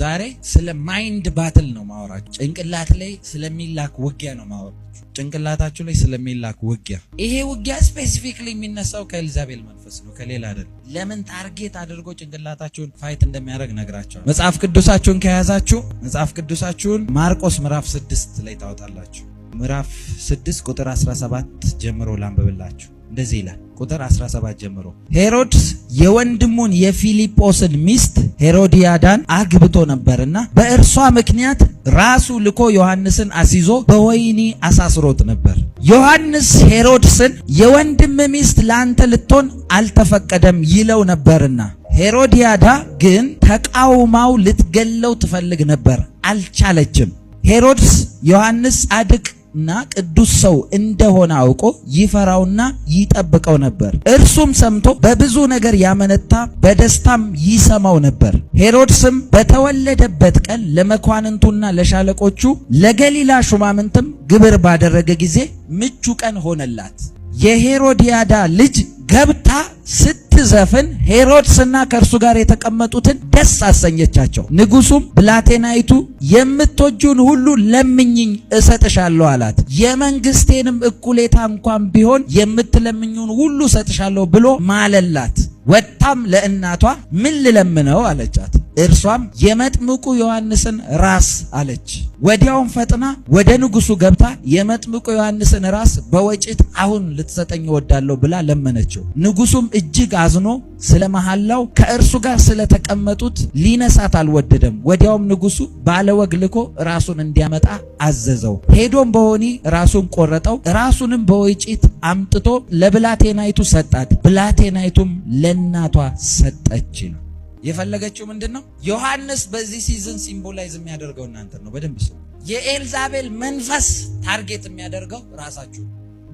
ዛሬ ስለ ማይንድ ባትል ነው ማወራችሁ። ጭንቅላት ላይ ስለሚላክ ውጊያ ነው ማወራችሁ። ጭንቅላታችሁ ላይ ስለሚላክ ውጊያ። ይሄ ውጊያ ስፔሲፊክሊ የሚነሳው ከኤልዛቤል መንፈስ ነው፣ ከሌላ አይደለም። ለምን ታርጌት አድርጎ ጭንቅላታችሁን ፋይት እንደሚያደርግ ነግራቸዋል። መጽሐፍ ቅዱሳችሁን ከያዛችሁ መጽሐፍ ቅዱሳችሁን ማርቆስ ምዕራፍ 6 ላይ ታወጣላችሁ። ምዕራፍ 6 ቁጥር 17 ጀምሮ ላንብብላችሁ። እንደዚህ ይላል። ቁጥር 17 ጀምሮ ሄሮድስ የወንድሙን የፊልጶስን ሚስት ሄሮዲያዳን አግብቶ ነበርና በእርሷ ምክንያት ራሱ ልኮ ዮሐንስን አስይዞ በወይኒ አሳስሮት ነበር። ዮሐንስ ሄሮድስን የወንድም ሚስት ለአንተ ልትሆን አልተፈቀደም ይለው ነበርና ሄሮዲያዳ ግን ተቃውማው ልትገለው ትፈልግ ነበር፣ አልቻለችም። ሄሮድስ ዮሐንስ ጻድቅ እና ቅዱስ ሰው እንደሆነ አውቆ ይፈራውና ይጠብቀው ነበር። እርሱም ሰምቶ በብዙ ነገር ያመነታ በደስታም ይሰማው ነበር። ሄሮድስም በተወለደበት ቀን ለመኳንንቱና ለሻለቆቹ ለገሊላ ሹማምንትም ግብር ባደረገ ጊዜ ምቹ ቀን ሆነላት። የሄሮድያዳ ልጅ ገብታ ስት ስትዘፍን ሄሮድስና ከእርሱ ጋር የተቀመጡትን ደስ አሰኘቻቸው። ንጉሱም ብላቴናይቱ የምትወጁን ሁሉ ለምኝኝ እሰጥሻለሁ አላት። የመንግስቴንም እኩሌታ እንኳን ቢሆን የምትለምኙን ሁሉ እሰጥሻለሁ ብሎ ማለላት። ወጥታም ለእናቷ ምን ልለምነው አለቻት። እርሷም የመጥምቁ ዮሐንስን ራስ አለች። ወዲያውም ፈጥና ወደ ንጉሱ ገብታ የመጥምቁ ዮሐንስን ራስ በወጭት አሁን ልትሰጠኝ እወዳለሁ ብላ ለመነችው። ንጉሱም እጅግ አዝኖ ስለ መሐላው ከእርሱ ጋር ስለተቀመጡት ሊነሳት አልወደደም። ወዲያውም ንጉሱ ባለወግ ልኮ ራሱን እንዲያመጣ አዘዘው። ሄዶም በሆኒ ራሱን ቆረጠው። ራሱንም በወጭት አምጥቶ ለብላቴናይቱ ሰጣት። ብላቴናይቱም ለእናቷ ሰጠች ነው። የፈለገችው ምንድን ነው? ዮሐንስ በዚህ ሲዝን ሲምቦላይዝ የሚያደርገው እናንተ ነው። በደንብ ሰው የኤልዛቤል መንፈስ ታርጌት የሚያደርገው ራሳችሁ።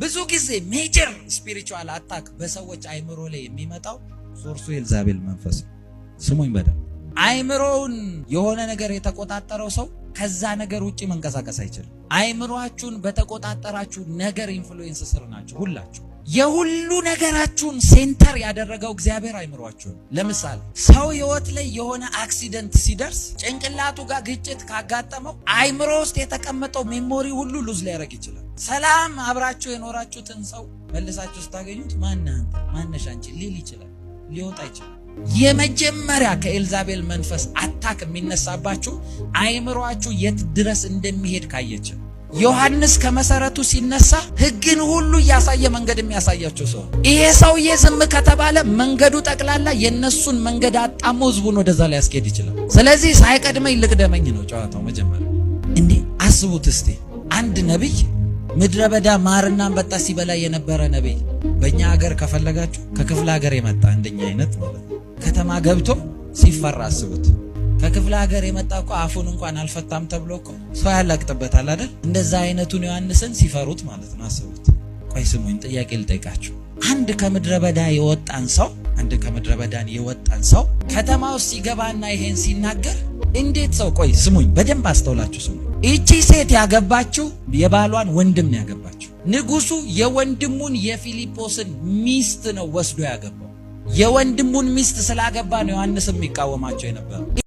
ብዙ ጊዜ ሜጀር ስፒሪቹዋል አታክ በሰዎች አይምሮ ላይ የሚመጣው ሶርሱ የኤልዛቤል መንፈስ ነው። ስሙኝ በደንብ አይምሮውን የሆነ ነገር የተቆጣጠረው ሰው ከዛ ነገር ውጭ መንቀሳቀስ አይችልም። አይምሯችሁን በተቆጣጠራችሁ ነገር ኢንፍሉዌንስ ስር ናችሁ ሁላችሁ። የሁሉ ነገራችሁን ሴንተር ያደረገው እግዚአብሔር አይምሯችሁ። ለምሳሌ ሰው ህይወት ላይ የሆነ አክሲደንት ሲደርስ ጭንቅላቱ ጋር ግጭት ካጋጠመው አይምሮ ውስጥ የተቀመጠው ሜሞሪ ሁሉ ሉዝ ሊያደርግ ይችላል። ሰላም አብራችሁ የኖራችሁትን ሰው መልሳችሁ ስታገኙት ማነህ አንተ ማነሽ አንቺ ሊል ይችላል፣ ሊወጣ ይችላል። የመጀመሪያ ከኤልዛቤል መንፈስ አታክ የሚነሳባችሁ አይምሯችሁ የት ድረስ እንደሚሄድ ካየችን ዮሐንስ ከመሰረቱ ሲነሳ ህግን ሁሉ እያሳየ መንገድ የሚያሳያቸው ሰው ይሄ ሰውዬ ዝም ከተባለ መንገዱ ጠቅላላ የነሱን መንገድ አጣሞ ህዝቡን ወደዛ ላይ ያስኬሄድ ይችላል። ስለዚህ ሳይቀድመኝ ልቅደመኝ ነው ጨዋታው መጀመሪያ። እንዴ አስቡት እስቲ አንድ ነቢይ ምድረ በዳ ማርና አንበጣ ሲበላ የነበረ ነቢይ በእኛ ሀገር ከፈለጋችሁ ከክፍለ ሀገር የመጣ እንደኛ አይነት ማለት ከተማ ገብቶ ሲፈራ አስቡት። ከክፍለ ሀገር የመጣ እኮ አፉን እንኳን አልፈታም ተብሎ እኮ ሰው ያላቅጥበታል አይደል? እንደዛ አይነቱን ዮሐንስን ሲፈሩት ማለት ነው። አስቡት። ቆይ ስሙኝ፣ ጥያቄ ልጠይቃችሁ። አንድ ከምድረ በዳ የወጣን ሰው አንድ ከምድረ በዳን የወጣን ሰው ከተማ ውስጥ ሲገባና ይሄን ሲናገር እንዴት ሰው ቆይ ስሙኝ፣ በደንብ አስተውላችሁ ስሙ ይቺ ሴት ያገባችው የባሏን ወንድም ነው ያገባችው። ንጉሱ የወንድሙን የፊሊጶስን ሚስት ነው ወስዶ ያገባው። የወንድሙን ሚስት ስላገባ ነው ዮሐንስ የሚቃወማቸው የነበረው።